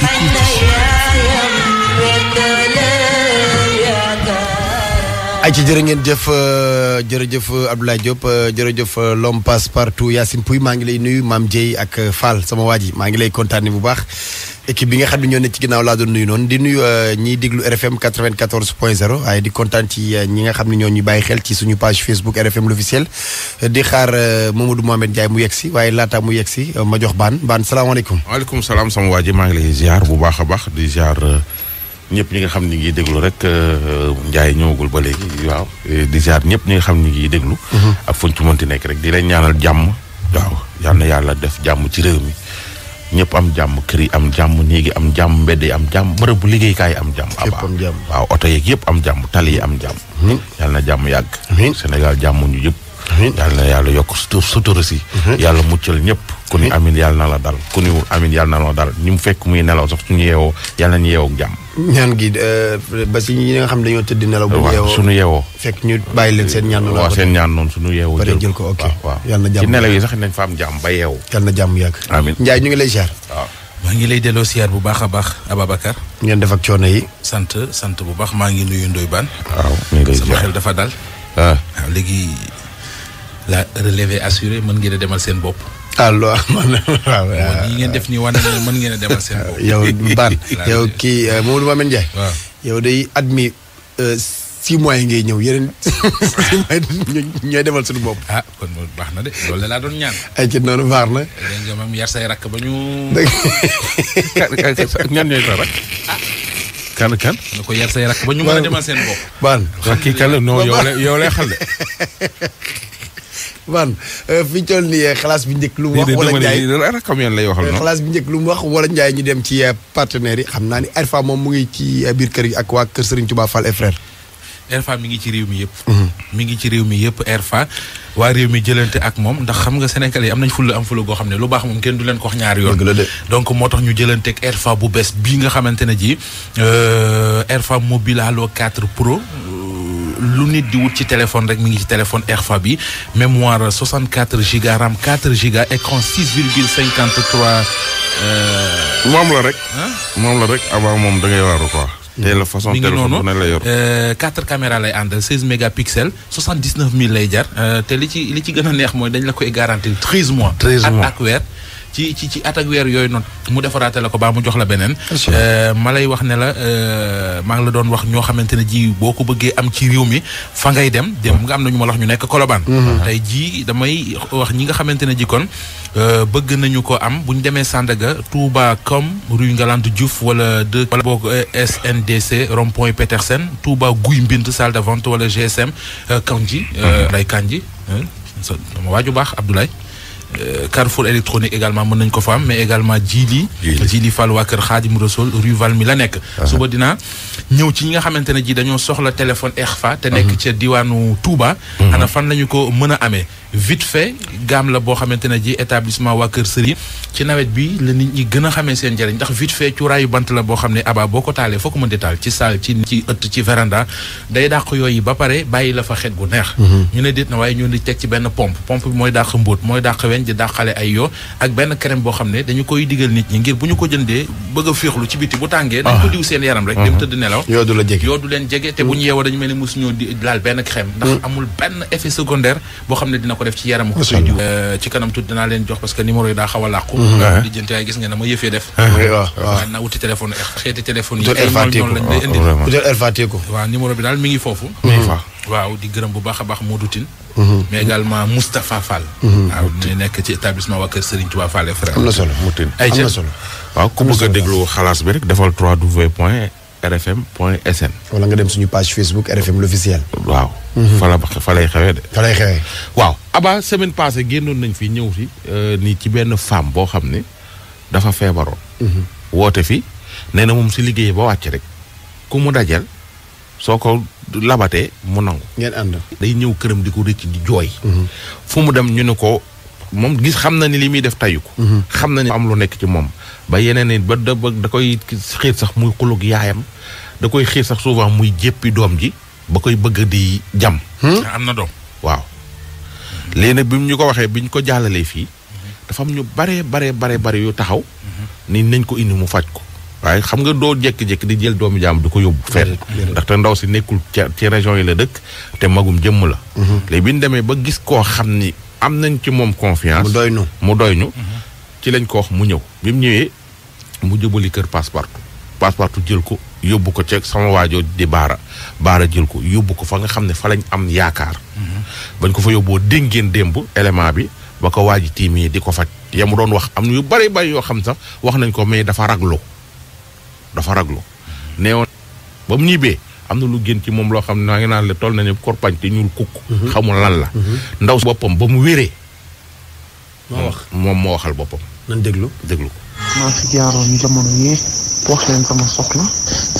Find ay ci jërë ngeen jëf euh, jërëjëf euh, Abdoulaye Diop euh, jërëjëf l'homme passe a Yacine Pouy maa ngi lay nuyu Mame Dieye ak Fall sama waa ji maa ngi lay kontaane bu baax équipe bi nga xam ne ñoo ne ci ginnaaw laa doon nuyu noonu di nuyu ñiy déglu RFM 94 point 0 waaye di kontaan ci ñi nga xam ne ñoo ñu bàyyi xel ci suñu page Facebook RFM l'officiel di xaar Mamadou Mohamed Ndiaye mu yegg si waaye laata mu yegg si ma baan baan salaamaaleykum. waaleykum salaam sama waa ji maa ngi lay ziar bu baax a baax di ziar. ñëpp ñi nga xam ni ngi déglu rek euh, Ndiaye ñëwagul ba léegi waaw euh, di ziar ñëpp ñi nga xam ni ngi déglu. Mhm. ak fuñ ci mënti nekk rek di leen ñaanal jàmm. waaw yal na yàlla def jàmm ci réew mi ñëpp am jàmm kër yi am jàmm néegi am jàmm mbedd yi am jàmm bërëb bu liggéeykaay yi am jàmm. abaa waaw oto yeeg yëpp am jàmm tali yi am jàmm. yal na jàmm yàgg. Sénégal jàmm ñu yëpp. amiin yàlla na yàlla yokk sutura si. yàlla muccal ñëpp. ku ni amin yàlla na la dal ku ni amin yàlla na la dal ñu mu fekk muy nelaw sax suñu yeewoo yàlla nañu yeewoo ak jàmm. ñaan gi euh, ba si ñi nga xam ne dañoo tëdd nelaw. bu yeewoo suñu yeewoo. fekk ñu bàyyi leen seen ñaan. jël ko ok yàlla na jàmm ci nelaw yi sax nañ fa am jàmm ba yeewoo. yàlla na jàmm yàgg. amiin ñu ngi lay ziar. maa ngi lay delloo ziar bu baax a baax Ababacar. ngeen def ak coono yi. sant sant bu baax maa ngi nuyu Ndoye Bane. waaw ñu ngi lay ziar sama xel dafa dal. Ah. waaw léegi la relève assurée mën ngeen a demal seen bopp. alors man waaw ñi ngeen def nii na mën ngeen a demal seen bopp. yow Bane yow kii euh, Mamadou Mamadou Ndiaye. waaw yow day at mi euh, six mois yi ngay ñëw yeneen six mois demal suñu bopp. ah kon moom baax na de la doon ñaan. ay ci noonu vaar na. léegi ba ñu. ñan ñooy sa rakk. kan kan. na ko yar say rakk ba ñu mën demal seen bopp. Bane kii kan la non yow lay yow man euh, fi ñu toll nii euh, xalaas bi euh, njëkk lu mu wax. wala Ndiaye camion lay waxal noonu xalaas bi njëkk lu mu wax wala Ndiaye ñu dem ci partenaires yi xam naa ni Erfa moom mu ngi ci biir kër gi ak waa kër Serigne Touba Fall et frère. mi ngi ci réew mi yëpp. Mhm. mi ngi ci réew mi yëpp Erfa waa réew mi jëlante ak moom ndax xam nga sénégalais yi am nañ fulla am fulla goo xam ne lu baax moom kenn du leen ko wax ñaari yoon. donc moo tax ñu jëlante ak Erfa bu bees bii nga xamante ne ji Erfa mobile Halo 4 Pro. lu nit di wut ci téléphone rek mi ngi ci téléphone RFA bi mémoire 64 giga RAM 4 giga écran 6 virgule 53. Euh, moom la rek. moom la rek da ngay waaru quoi. tey la façon téléphone bu ne la yor euh, quatre caméras lay àndal seize mégapixels soixante dix mille lay jar euh, te li ci li ci gën a neex mooy dañ la koy garantir treize mois. treize mois at ak weer. ci ci ci at yooyu noonu mu defaraate la ko baa mu jox la beneen ma lay wax ne la maa ngi la doon wax ñoo xamante ne ji boo ko bëggee am ci réew mi fa ngay dem dem nga am na ñu ma la ñu nekk kolobaan tey jii damay wax ñi nga xamante ne ji kon bëgg nañu ko am bu ñu demee Sandaga Touba comme rue Ngalandou Diouf wala de wala boog SNDC rond point Petersen Touba Guy Mbind salle de vente wala GSM Kanji lay Kanji sama waaju baax Abdoulaye Euh, Carrefour électronique également mën nañ ko fa am mais également Jili Jili Fall waa kër Xaadim Rasul rue Valmy la nekk ah. suba dinaa ñëw ci ñi nga xamante ne ji dañoo soxla téléphone Exfa te nekk mhm. ca diwaanu Touba mhm. ana fan lañu ko mën a amee vite fait gaam la boo xamante ne ji établissement waa kër Serigne ci nawet bi la nit ñi gën a xamee seen njëriñ ndax vite fait cuuraayu bant la boo xam ne aba boo ko taalee foo ko mën di taal ci saal ci ëtt ci véranda la fa xet gu neex mhm. ñu ne déet na waaye ñu di teg ci benn pompe pompe bi leen di dàqale ay yoo ak benn crème boo xam ne dañu koy digal nit ñi ngir bu ñu ko jëndee bëgg a féexlu ci biti bu tàngee dañ ko ah. diw seen yaram rek ah. dem tëdd nelaw yoodu la jege yoodu leen jege te bu ñu yeewoo dañu mel ne mosu ñoo di benn crème ndax mm. amul benn effet secondaire boo xam ne dina ko def ci yaramu ko diw euh, ci kanam tudd dinaa leen jox parce que numéro yi daa xaw a làqu mm-hmm. di ah. jënte ay gis nga na yëfee def naa wuti téléphone eh, xeeti téléphone oh, mi ngi foofu bu baax a baax mais également Moustapha Fall. waaw mhm. ah, di nekk ci établissement waa kër Serigne Touba Fall et frère. am na solo mu tënk am na solo waaw ku bëgg a déglu xalaas bi rek defal 3w point rfm point sn. wala nga dem suñu page Facebook RFM l'officiel. waaw. Mhm. fa la fa lay xewee de. fa xewee. waaw Aba semaine passée génnoon nañ fi ñëw fi euh, nii ci benn femme boo xam ne dafa feebaroon. Mhm. woote fi nee na moom si liggéey ba wàcc rek ku mu dajal soo ko. labate mu nangu. ngeen ànd. day ñëw këram di ko rëcc di jooy. Mhm. fu mu dem ñu ne ko moom gis xam na ni li muy def tayu mhm. xam na ni am lu nekk ci moom. ba yeneen it ba da da koy xiir sax muy xulug yaayam da koy xiir sax souvent muy jéppi doom ji ba koy bëgg di jam. Hmm? na doom waaw. léegi nag bi ñu ko waxee bi ñu ko jàllalee fii. Mhm. dafa am ñu bare bare bare bare yu taxaw. ni nañ ko indi mu faj ko. waaye xam nga doo jékki-jékki di jël doomu jaam du ko yóbbu fenn ndaxte ndaw si nekkul ci région yi la dëkk te magum jëmm la mhm. léegi bi ñu demee ba gis koo xam ni am nañ ci moom confiance doy ñu mu doy ñu mhm. ci lañ ko wax mu ñëw bi ñëwee mu jubali kër Passepartout Passepartout jël ko yóbbu ko ca sama waajoo di baara baara jël ko yóbbu ko fa nga xam ne fa lañ am yaakaar mhm. bañ ko fa yóbboo déngeen démb élément bi ba ko waaji tiimee di ko faj yamu doon wax am yu bari bari yoo xam sax wax nañ ko mais dafa ragloo dafa raglu neewoon ba mu ñibbee am na lu gën ci moom loo xam ne naa ngi naan la toll na ne korpañ te ñuul kukk mhm. xamul lan la mhm. ndaw boppam ba mu wéree moo moom moo waxal boppam nan déglu déglu ko maa fi jaaroon jamono yi wax leen sama soxla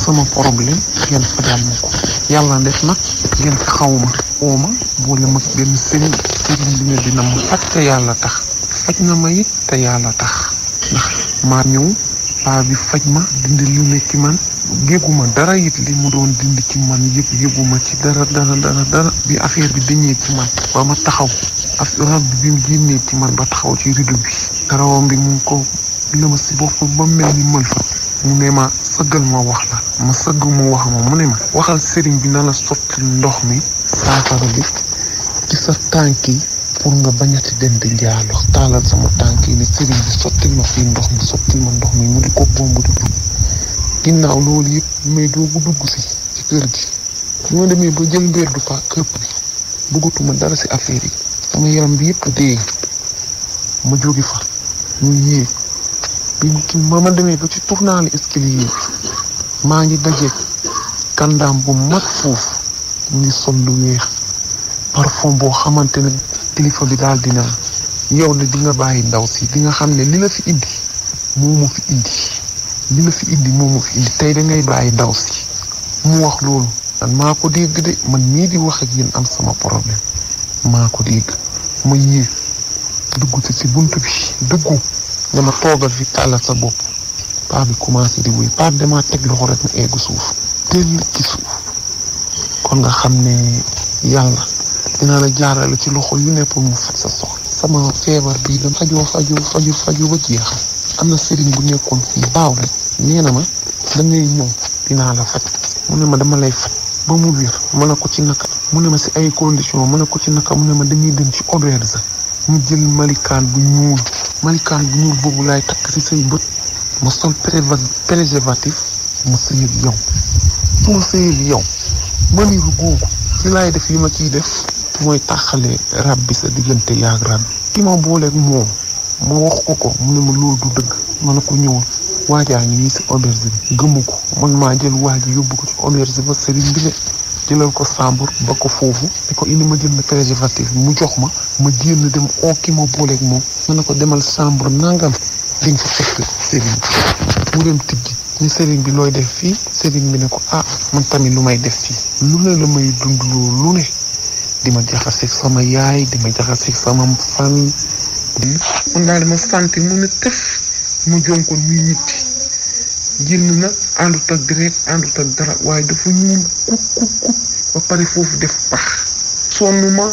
sama problème ngeen fajal ma ko yàlla def nag ngeen xaw ma oo ma boole mag benn sëriñ sëriñ dina ma faj te yàlla tax faj na ma it te yàlla tax ndax maa ñëw paa bi faj ma dindi lu ne ci man yëguma dara it li mu doon dind ci man yëpp yëguma ci dara dara dara dara bi affaire bi dañee ci man ba ma taxaw affaire bi mu génnee ci man ba taxaw ci ridu bi rawam bi mu ko lëma si bopp ba mel ni mël fa mu ne ma sëggal ma wax la ma sëgg mu wax ma mu ne ma waxal sëriñ bi na la sotti ndox mi saafara bi ci sa tànk yi pour nga bañati dem di njaalo taalal sama tànk yi ni sëriñ bi sottil ndox mi sottil ma ndox mi mu di ko bomb di dugg ginnaaw loolu yëpp may doogu dugg ci kër gi ma demee ba jël mbir du pa këpp bi bëggatuma dara si affaire yi sama yaram bi yëpp dee ma jóge fa ñu yéeg bi ma ma demee ba ci tournant escalier maa ngi daje kandaam bu mag foofu mu ngi sol lu weex parfum boo xamante ne kilifa bi daal dina yow ne di nga bàyyi ndaw si di nga xam ne li la fi indi moomu fi indi li la fi indi tey dangay ngay bàyyi ndaw si mu wax loolu man maa ko dégg de man nii di wax ak yéen am sama problème maa ko dégg ma yéeg dugg si bunt bi dugg nga ma toogal fi tàllal sa bopp paa bi commencé di wuy paa bi damaa teg loxo rek na eggu suuf teel ci suuf kon nga xam ne yàlla dinaa la jaarale ci loxo yu ne pour mu faj sa soxla sama feebar bii dama fajoo fajoo fajoo fajoo ba jeexal am na sëriñ bu nekkoon fii baaw rek nee na ma da ngay ñëw dinaa la faj mu ne ma dama lay faj ba mu wér mën na ko ci naka mu ne ma si ay condition mën na ko ci naka mu ne ma dañuy ci auberge ñu jël malikaan bu ñuul malikaan bu ñuul boobu laay takk si say bët ma sol préservatif ma sëyeeg yow su ma sëyeeg yow ma niru googu ci laay def yi ma ciy def mooy tàqale rab bi sa diggante yaag rab ki ma booleeg moom ma wax ko ko mu ne ma loolu du dëgg ma ne ko ñëwul waajaa ngi nii si auberge bi gëmu ko man maa jël waa ji yóbbu ko ci auberge ba sëriñ bi ne jëlal ko sambur ba ko foofu ni ko indi ma jënd préservatif mu jox ma ma génn dem oo ki ma booleeg moom ma ne ko demal sambur nangam di nga fa fekk sëriñ bi looy def fii sëriñ bi ne ko ah man tamit lu may def fii lu ne la may dund loolu lu ne di ma jaxaseeg sama yaay di ma jaxaseeg sama famille. mun ma dama sant mun a tëf mu jonkoon muy ñitti jënd na àndut ak deret àndut dara waaye dafa ñuul kuk kuk kuk ba pare foofu def pax sonn ma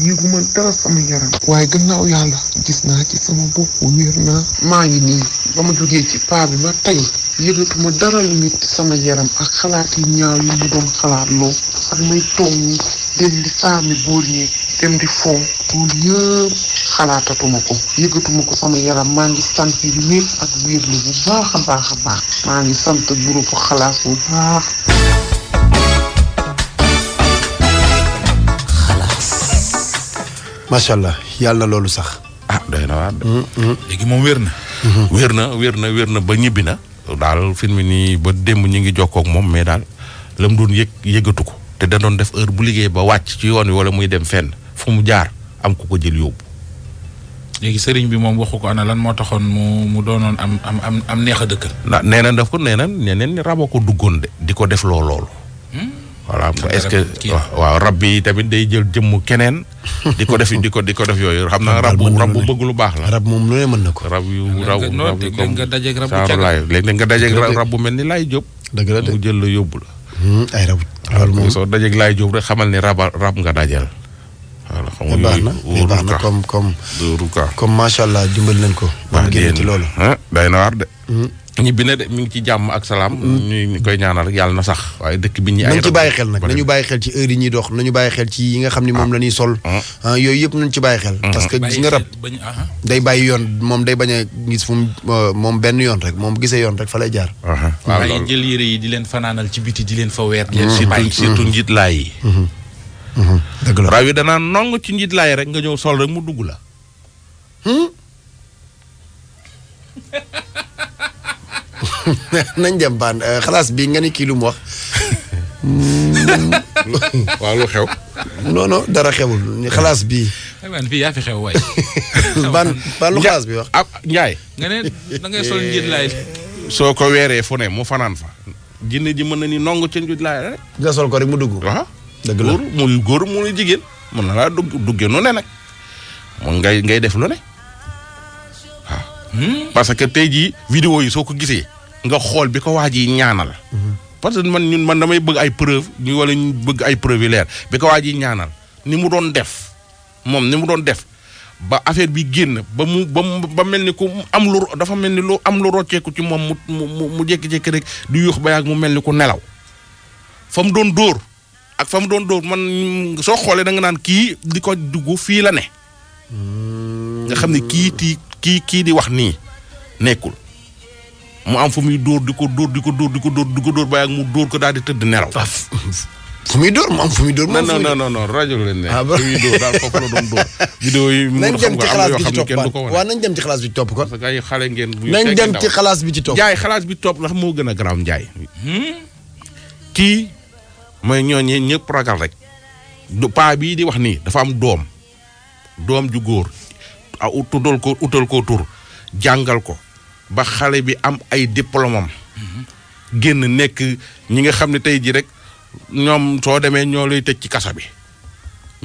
yëguma dara sama yaram waaye gannaaw yàlla gis naa ci sama bopp wér naa maa ngi nii ba ma jógee ci paa bi ba tey yëgatuma dara lu metti sama yaram ak xalaat ñaaw yi mu doon xalaat loo ak may toog dem di saami góor ñi dem di foo loolu yëpp xalaatatuma ko yëgatuma ko sama yaram maa ngi sant wér ak wérlu bu a baax a baax maa groupe xalaas bu baax macha allah yàlla loolu sax. ah doy na waar. Mm, mm. léegi moom wér na. Mm-hmm. na wér na wér na ba ñibbi na. daal film nii ba démb ñu ngi jokkoo moom mais daal la mu yëg yëgatu ko. te da def heure bu liggéey ba wàcc ci yoon wi wala muy dem fenn fu mu jaar am ko ko jël yóbbu. léegi sëriñ bi moom waxu ko ana lan moo taxoon mu mu doonoon am am am am neex a dëkkal. ndax nee na daf ko nee na ñeneen ñi rab a ko duggoon de di ko def loo loolu. Hmm? voilà est-ce que waaw rab bi tamit day jël jëmm keneen. di ko def di ko di ko def yooyu xam naa rab bu rab bu bëgg lu baax la. rab moom lu ne mën na ko. rab yu raw rab yu comme saa laay léeg-léeg nga dajeeg rab bu mel ni laay jóg. dëgg la mu jël la yóbbu la. Hmm, ay loolu moom soo dajeeg laay rek xamal ne rab rab nga dajal. voilà xam nga baax na baax na comme comme. comme macha allah dimbali nañ ko. baax na ah, day na waar de. Hmm. ñibbi na de mi ngi ci jàmm ak salaam. Mm. ñu koy ñaanal rek yàlla na sax. waaye dëkk bi ñi ay nañ xel nag nañu bàyyi xel ci heure yi ñuy dox nañu bàyyi xel ci yi nga xam ni moom ah. la ñuy sol. Ah. Ah, yooyu yëpp nañ ci bàyyi xel. parce que gis nga rab day bàyyi yoon moom day bañ a gis fu euh, moom benn yoon rek moom gisee yoon rek fa lay jaar. waaw loolu jël yére yi di leen fanaanal ci biti di leen fa weer. Mm-hmm. surtout surtout mm-hmm. njiitlaay yi. Mm-hmm. yi danaa nong ci njiit laay rek nga ñëw sol rek mu dugg la hmm? nañ dem baan euh, xalaas bi nga ni kii lu mu wax. waaw lu xew. non dara xewul xalaas bii. aywa yaa fi xew waay. ban ban lu xalaas bi wax. ah Ndiaye. nga ne da sol soo ko weeree fu ne fanaan fa. jinne ji mën na ni nongu ca njiit laay rek. nga sol mu dugg. waaw dëgg la góor muy góor jigéen. mën na laa dugg duggee nu ne nag. moom ngay def lu ne. Hmm? parce que tey jii. vidéo yi soo ko gisee. nga xool bi ko waaj yi ñaanal. parce que man ñun man damay bëgg ay preuve ñu wala ñu bëgg ay preuve yi leer bi ko waaj yi ñaanal ni mu doon def moom ni mu doon def ba affaire bi génn ba mu ba mu mel ni ku am lu dafa mel ni lu am lu rocceeku ci moom mu mu mu jékki rek di yuux ba yàgg mu mel ni ku nelaw fa mu doon dóor ak fa mu doon dóor man soo xoolee da nga naan kii di ko dugg fii la ne. nga xam ne kii tii kii kii di wax nii nekkul. mu am fu muy dóor di ko dóor di ko dóor di ko dóor di ko dóor bàyyi ak mu dóor ko daal di tëdd nelaw. Ah, fu muy dóor mu am fu muy dóor. non non non non rajo bi leen ne. ah ba fu muy dóor daal kooku la doon dóor. vidéo yi mu xam nga am na yoo xam ne kenn du ko wane waaw nañ dem ci xalaas bi ci topp kon. parce que ay xale ngeen. bu ñu nañ dem ci xalaas bi ci topp. Ndiaye xalaas bi topp ndax moo gën a garaaw Ndiaye. Hmm? kii mooy ñooñu ñëpp ragal rek. du paa bii di wax nii dafa am doom. doom ju góor. ah utal ko utal ko tur jàngal ko ba xale bi am ay diplôme am génn nekk ñi nga xam ne tey jii rek ñoom soo demee ñoo luy tëj ci kasa bi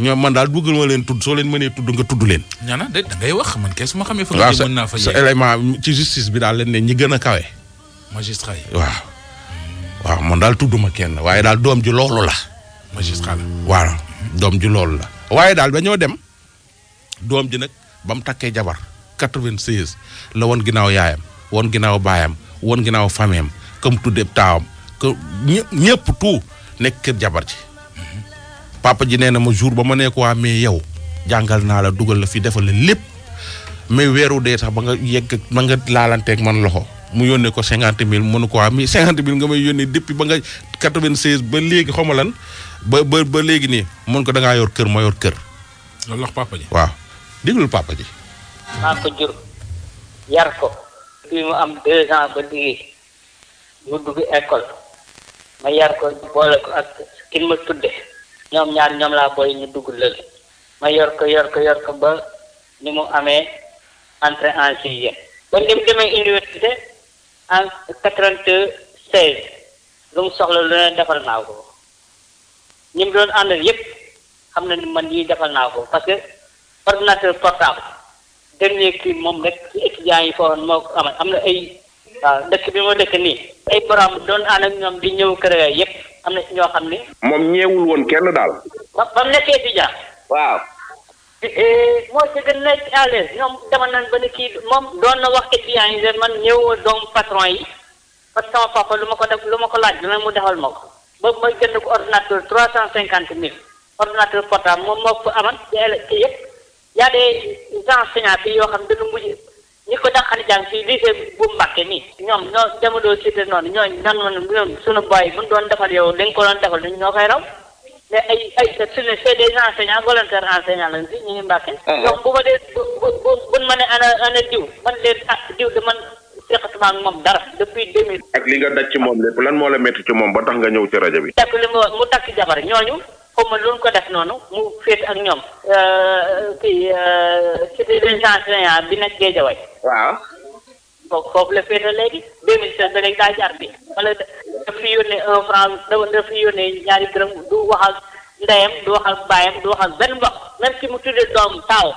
ñoom man daal dugg ma leen tudd soo leen mënee tudd nga tudd leen. ñaana de wax man kay su ma xamee. fa nga mën naa fa élément ci justice bi daal leen ne ñi gën a kawe. magistrat yi waaw. waaw man daal tudduma kenn waaye daal doom ji loolu la. magistrat la waaw doom ji loolu la. waaye daal dañoo dem doom ji nag ba mu takkee jabar 96 la woon ginnaaw yaayam. woon ginnaaw baayam woon ginnaaw fameem comme tudde taawam que ñëpp tout nekk kër jabar ji papa ji nee na ma jour ba ma nekk waa mais yow jàngal naa la dugal la fi defal la lépp mais weeru dee sax ba nga yegg ba nga laalanteeg man loxo mu yónnee ko cinquante mille mënu ko waa mi cinquante mille nga may yónnee depuis ba nga quatre-vingt-seize ba léegi xaw ma lan ba ba léegi nii mën ko da yor kër ma yor kër. loolu wax waaw déglul papa ji. maa ko jur bi mu am deux ans ba liggéey mu dugg école ma yar ko boole ko ak kin ma tudde ñoom ñaar ñoom laa boole ñu dugg lël ma yor ko yor ko yor ko ba ni mu amee entrée en sixième ba ni mu demee université en quatre seize lu mu soxla lu ne defal naa ko ñi mu doon àndal yépp xam na man yi defal naa ko parce que ordinateur portable dernier kii moom rek yaa ngi foofu moo ko am na ay waaw dëkk bi ma dëkk nii ay borom doon ànd ñoom di ñëw kër yëpp am na ñoo xam ni. moom ñeewul woon kenn daal. ba ba mu nekk étudiant. waaw. Eh, eh, moo ci ñoom demoon ba ni kii moom doon na wax yaa ngi man ñëwuma doomu patron yi parce que lu ma ko def lu ma ko laaj lu ne mu defal ma ko boobu mooy jënd ko ordinateur trois cent cinquante mille ordinateur portable moom moo ko amal ci yëpp yaa des enseignants yoo xam ne dañu mujj. ñi ko dàqal jàng fii lycée bu Mbàkke nii ñoom ñoo demandoo cité noonu ñooñu nan ma ñoom suñu boy bu doon defal yow dañ ko doon defal ñoo koy raw mais ay ay suñu c'est des enseignants volontaires enseignants lañ fi ah, ah. bu ma ne ana ana diw man leen ah diw de man seqatuma ak moom dara depuis deux ak li nga daj ci moom lépp lan moo la métti ci moom ba tax nga ñëw ci rajo bi. takk li mu takk jabar ñooñu. xaw ma lu ko def noonu mu féet ak ñoom. Euh, kii euh, cité résidence général bi nag Géejawaay. waaw. boobu foofu la féete léegi. 2016 ba léegi daa jaar bi wala daf fi yónnee un franc daf fi yónnee ñaari dërëm du wax ak ndeyam du wax ak baayam du wax ak benn mbokk même si mu tuddee doom taaw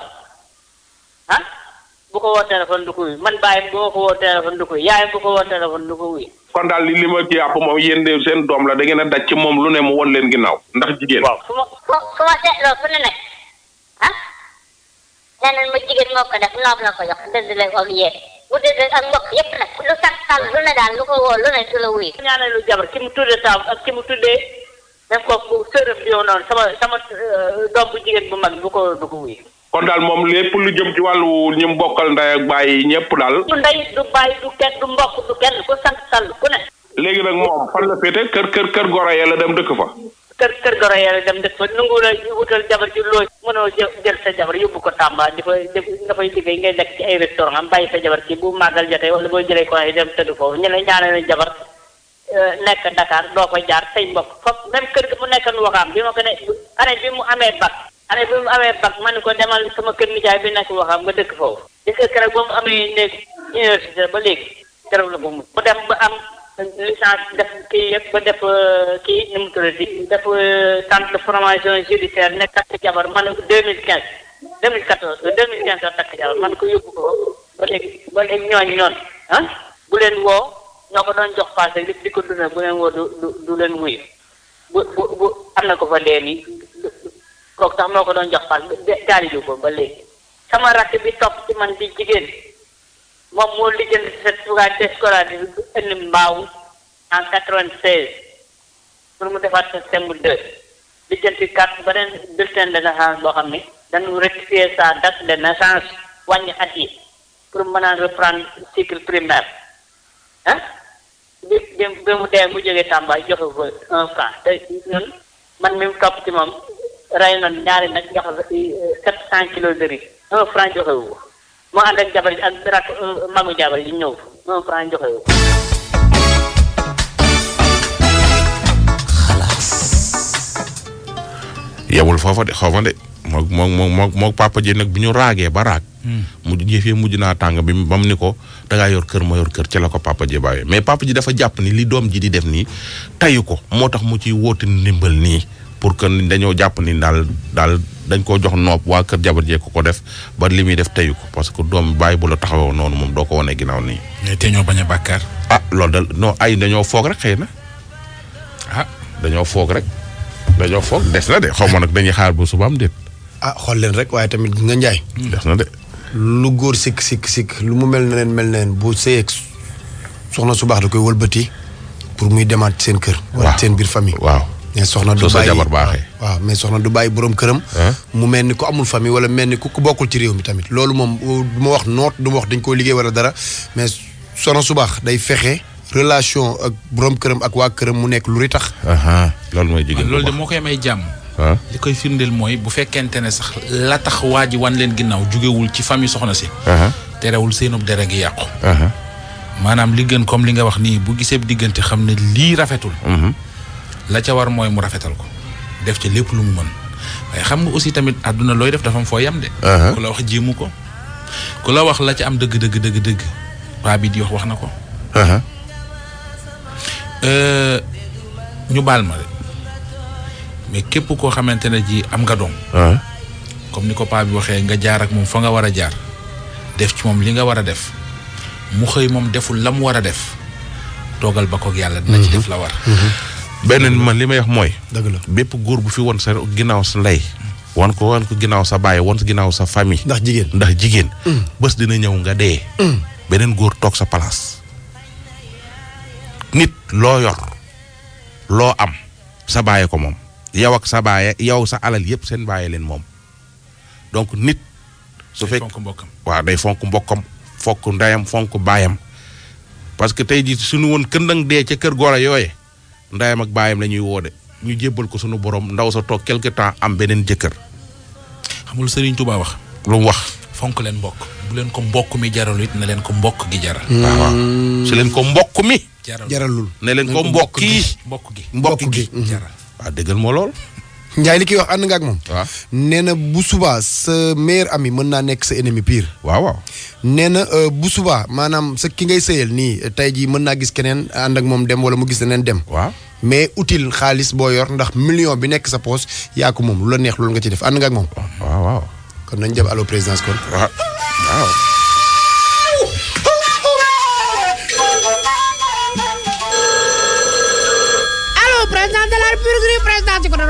ah. bu ko woo téléphone du ko wuyu man bàyyam bu ma ko woo téléphone du ko wuyu yaayam bu ko woo téléphone du ko wuyu. kon daal li li ma ci yàpp moom yéen de seen doom la da ngeen a daj ci moom lu ne mu won leen ginnaaw ndax jigéen. waaw fu ma fu ma seetloo fu ne nag ah leneen ma jigéen moo ko def noom la ko jox dëgg la om yéen bu dëgg ak mbokk yépp nag lu sax sax lu ne daal lu ko woo lu ne du la wuyu. ñaanal lu jabar ki mu tuddee taam ak ki mu tuddee def ko sërëf yow noonu sama sama euh, doom bu jigéen bu mag bu ko du ko wuyu. kon daal moom lépp lu jëm ci wàllu ñi mu bokkal ndey ak bàyyi ñëpp daal. du ndey du bàyyi du kenn du mbokk du kenn ku sant sàll ku ne. léegi nag moom fan la féete kër kër goro ya la dem dëkk fa. kër kër goro ya la dem dëkk fa nangu la wutal jabar ji loo mënoo jël sa jabar yóbbu ko Tamba di fa nga fay liggéey ngay nekk ci ay restaurant am bàyyi sa jabar ci bu màggal jotee wala boo ko ay dem tëdd foofu ñu ne ñaanal jabar. Euh, nekk Dakar doo ko jaar say mbokk foofu même kër gi mu nekkoon waxaam bi ma ko ne année bi mu amee bac année bi mu amee bac ma ne ko demal sama kër nijaay bi nekk waxam nga dëkk foofu gis nga keroog ba mu amee nekk université ba léegi keroog la ko mu mu dem ba am licence def kii yëpp ba def euh, kii nu mu def euh, centre de formation judiciaire nekk takk jabar ma ne ko deux mil quinze deux mille quatorze deux mille quinze la takk jabar man ko yóbbu ko ba léegi ba léegi ñooñu noonu ah bu leen woo ñoo ko doon jox paase di ko dundal bu leen woo du du du leen wuyu bu bu bu am na ko fa dee kooku sax moo ko doon jox paas gaari ju ko ba léegi sama rakk bi topp ci man bi jigéen moom moo lijjanti certificat scolaire bi indi mbaaw en quatre vingt pour mu defaat système deux lijjanti carte beneen bulletin de naissance boo xam ne dañu rectifier sa date de naissance wàññi at yi pour mën a reprendre cycle primaire ah bi bi mu dee mu jógee Tamba joxe ko un franc te ñun man mi topp ci moom ray na ñaari nag joxe euh, sept cent kilos de riz un franc joxe wu ko mu ànd ak jabar ak rak euh, magu jabar yi ñëw un franc joxe bi ñu raagee ba raag. Hmm. mu jëf yi mujj na tàng bi ba ni ko daga yor kër ma yor kër ci la ko papa ji bàyyee mais papa ji dafa jàpp ni li doom ji di def nii tayu ko moo tax mu ci woote ndimbal nii. pour que dañoo jàpp ni daal daal dañ koo jox nopp waa kër jabar jee ko ko def ba li muy def teyu ko parce que doom bàyyi bu la taxawoo noonu moom doo ko wane ginnaaw nii. te ñoo bañ a bàkkaar. ah loolu da non ay dañoo foog rek xëy na ah dañoo foog rek dañoo foog des na de xaw ma nag dañuy xaar ba subaam déet. ah xool leen rek waaye tamit nga njaay. Hmm. def na de. lu góor sikk sikk sikk lu mu mel na leen mel ne leen bu sëyeeg soxna su baax da koy wëlbati pour muy demaat seen kër. wala biir famille waaw. mais soxna du bàyyi jabar baaxee waaw mais soxna du bàyyi boroom këram mu mel ni ku amul famille wala mel ni ku ku bokkul ci réew mi tamit loolu moom euh, du wax noot du wax dañ koo liggéey wala dara mais soxna su baax day fexe relation ak borom këram ak waa këram mu nekk lu ri tax loolu mooy jigéen loolu de moo koy may jàmm li koy firndeel mooy bu fekkente ne sax la tax waa ji wan leen ginnaaw jugewul ci famille soxna si terewul seenub dere gi yàqu maanaam li gën comme li nga wax nii bu gisee diggante xam ne lii rafetul mhm. la ca war mooy mu rafetal ko def ca lépp lu mu mën waaye xam nga aussi tamit àdduna looy def dafa am foo yam de. Uh-huh. ku la wax jéemu ko ku la wax la ca am dëgg dëgg dëgg paa bi di wax wax na ko. Uh-huh. Euh, ñu baal ma de mais képp koo xamante ne jii am nga doom. Uh-huh. comme ni ko paa bi waxee nga jaar ak moom fa nga war a jaar def ci moom li nga war a def mu xëy moom deful la mu war a def toogal ba koog yàlla. dina ci mm-hmm. def la war. Mm-hmm. beneen man li may wax mooy. dëgg la bépp góor bu fi won sa ginnaaw sa lay. wan ko wan ko ginnaaw sa baay wan ko ginnaaw sa famille. ndax jigéen ndax jigéen. Mm. bés dina ñëw nga dee. Mm. beneen góor toog sa place. nit loo yor loo am sa baay ko moom yow ak sa baay yow sa alal yëpp seen baay leen moom donc nit. su fekk fonk mbokkam waaw day fonk mbokkam fonk ndayam fonk baayam parce que tey su nu woon kën këndang dee ca kër góor a yooye ndayam ak baayam la ñuy woode ñu jébbal ko sunu borom ndaw sa toog quelque temps am beneen jëkkër. xamul Serigne Touba wax. lu mu wax. fonk leen mbokk bu leen ko mbokk mi jaralul it ne leen ko mbokk gi jaral. Hmm. waaw su leen ko mbokk mi. jaralul ne leen ko mbokk gi mbokk gi mbokk gi jaral. Hmm. waaw moo lool. Ndiaye li kiy wax ànd nga moom. waaw nee na bu subaa sa maire ami mën naa nekk sa ennemi piir waaw waaw nee na euh, bu subaa maanaam sa ki ngay sëyal nii tey jii mën naa gis keneen ànd ak moom dem wala mu gis leneen dem. waaw mais util xaalis boo yor ndax million bi nekk sa poos yaa moom lu la neex loolu nga ci def ànd nga ak moom. waaw waaw kon nañ jëm allo présidence kon. waaw waaw.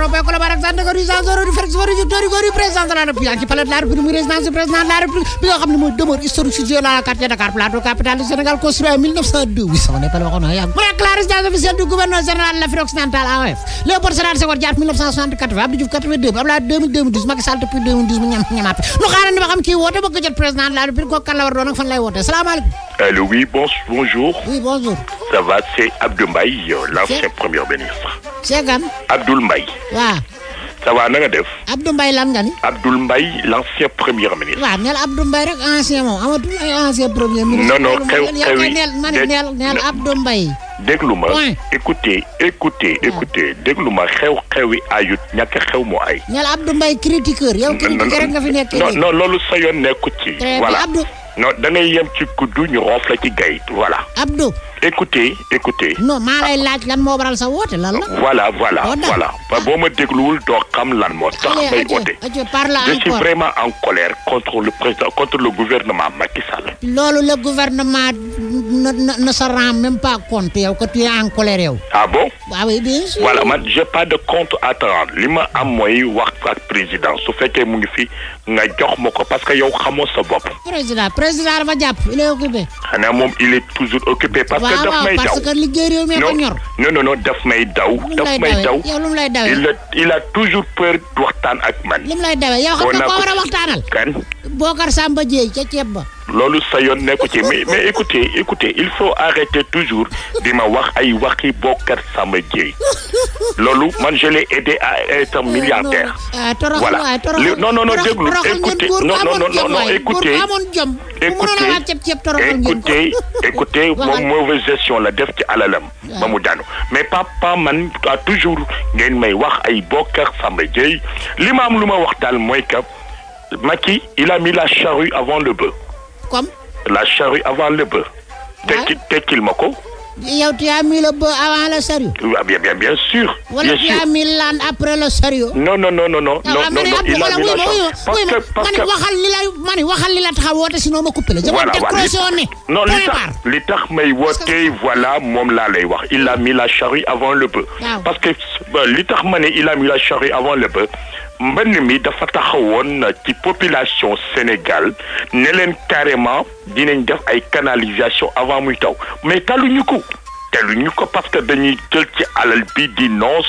coopère collaborateur de l'organisation du festival du président de la République ak ci palais de la République muy résidence du président de la République bi nga xam ne mooy demeure historique si Dieu la quartier Dakar plateau capitale du Sénégal construit en 1902 oui sama nekkal waxoon naa yàgg mu nekk la résidence officielle du gouverneur général de l'Afrique occidentale AOF Léopold Sédar Senghor Diatta 1960 80 Abdou Diouf 82 Abdoulaye 2000 2012 Macky Sall depuis 2012 mu ñam ñamaat nu xaaral ni ba xam kii woote bëgg jot président de la République kooku kan la war doon ak fan lay woote salaamaaleykum allô oui bonjour oui bonjour ça va c'est Abdou Mbaye euh, l'ancien premier ministre c'est kan Abdoul Mbaye waaw. ça va def. Abdou Mbaye lan nga ni. Abdoul mbay l' ancien premier ministre. waaw neel Abdou Mbaye rek ancien moom amatul ay ancien premier ministre. non non xew xew yi neel man neel neel Abdou Mbaye. déglu ma écoutez écoutez écoutez déglu ma xew xewi ayut ñàkk xew mu ay. neel Abdou Mbaye critiqueur yow critiqueur rek nga fi nekk. non non loolu sa yoon nekkut ci. voilà non da ngay yem ci kuddu ñu roof la ci gayit voilà. écoutez écoutez. no maa lay laaj lan moo waral sa woote lan la. voilà voilà oh, voilà. boo ma dégluwul doo xam lan moo tax. may woote je suis vraiment en colère contre le président contre le gouvernement Macky Sall. loolu le gouvernement ne ne ne se même pas compte yow que tu es en colère yow. ah bon. ah oui bien sûr. voilà man j'ai pas de compte à te li ma am mooy wax ak président su fekkee mu ngi fi nga jox ma ko parce que yow xamoo sa bopp. président président dafa jàpp il est occupé. xanaa moom il est toujours occupé. parce que daf may daw parce que liggéey réew mi ko ñor. non non non daf may daw. daf may daw il a il a toujours peur waxtaan ak man. lim lay dawee yow xam nga koo war a waxtaanal. kan Bokar Samba Dieye ca ceeb ba. loolu sa yoon nekku ci mais mais écoutez écoutez il faut arrêter toujours di ma wax ay waxi Bocar Samba Dièye loolu man je l'ai aidé à être oh, milliardaire. Ah, voilà non non non déglu écoutez non non non non écoutez écoutez écoutez moom mauvaise gestion la def ci alalam ba mu daanu mais papa man a toujours ngeen may wax ay Bocar Samba Dièye li ma am lu ma wax daal mooy que Macky il a mis la charrue avant le bœuf comme. la charrue avant le bœuf. tekki tekkil ma ko. yow tu as mis le bœuf avant le chariot. Ah, bien bien sûr. bien sûr wala après le chariot. non non non non non. non non il a mis la chance que waxal li la ma ne waxal li la tax a woote sinon ma coupé la. voilà non li tax may woote voilà moom laa lay wax il a mis la charrue avant le bœuf. parce que euh, li tax ma ne il a mis la charrue avant le bœuf. mbënn mi dafa taxawoon ci population Sénégal ne leen carrément dinañ def ay canalisation avant muy taw mais taluñu ko taluñu ko parce que dañuy jël ci alal bi di noos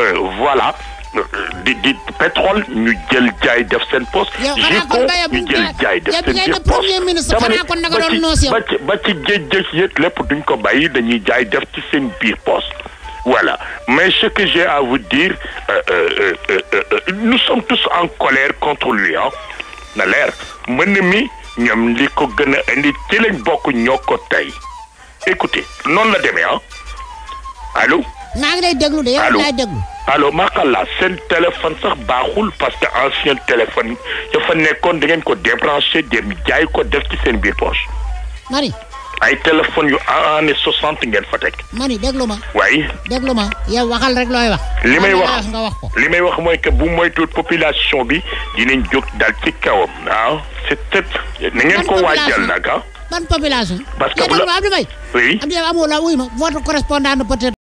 euh, voilà euh, di di pétrole ñu jël jaay def seen poste. jiko ñu jël jaay def seen biir poste dama ne ba ci ba ci géej géej yëpp lépp duñ ko bàyyi dañuy jaay def ci seen biir poste. Voilà. Mais ce que j'ai à vous dire, euh, euh, tous en colère contre lui. na leer mën mi ñoom li ko gën a indi ci lañ bokk ñoo ko tey écoutez noonu la demee ah allo. maa ngi lay déglu de yow lay déglu. allo makalla seen téléphone sax baaxul parce que ancien téléphone dafa nekkoon da ngeen ko débranché dem jaay ko def ci seen biir poche. ay téléphone yu année soixante ngeen fa teg. mani déglu ma. waaye. déglu ma yow waxal rek looy wax. li may wax nga wax ko. li may wax mooy que bu moytuwul population bi dinañ jóg dal ci kawam. waaw ah, c'est tout. ni ko waajal nag ah. ban population. parce que bu la Abdou Mbaye. oui Abdou Mbaye amoo la wuy ma votre correspondant peut-être.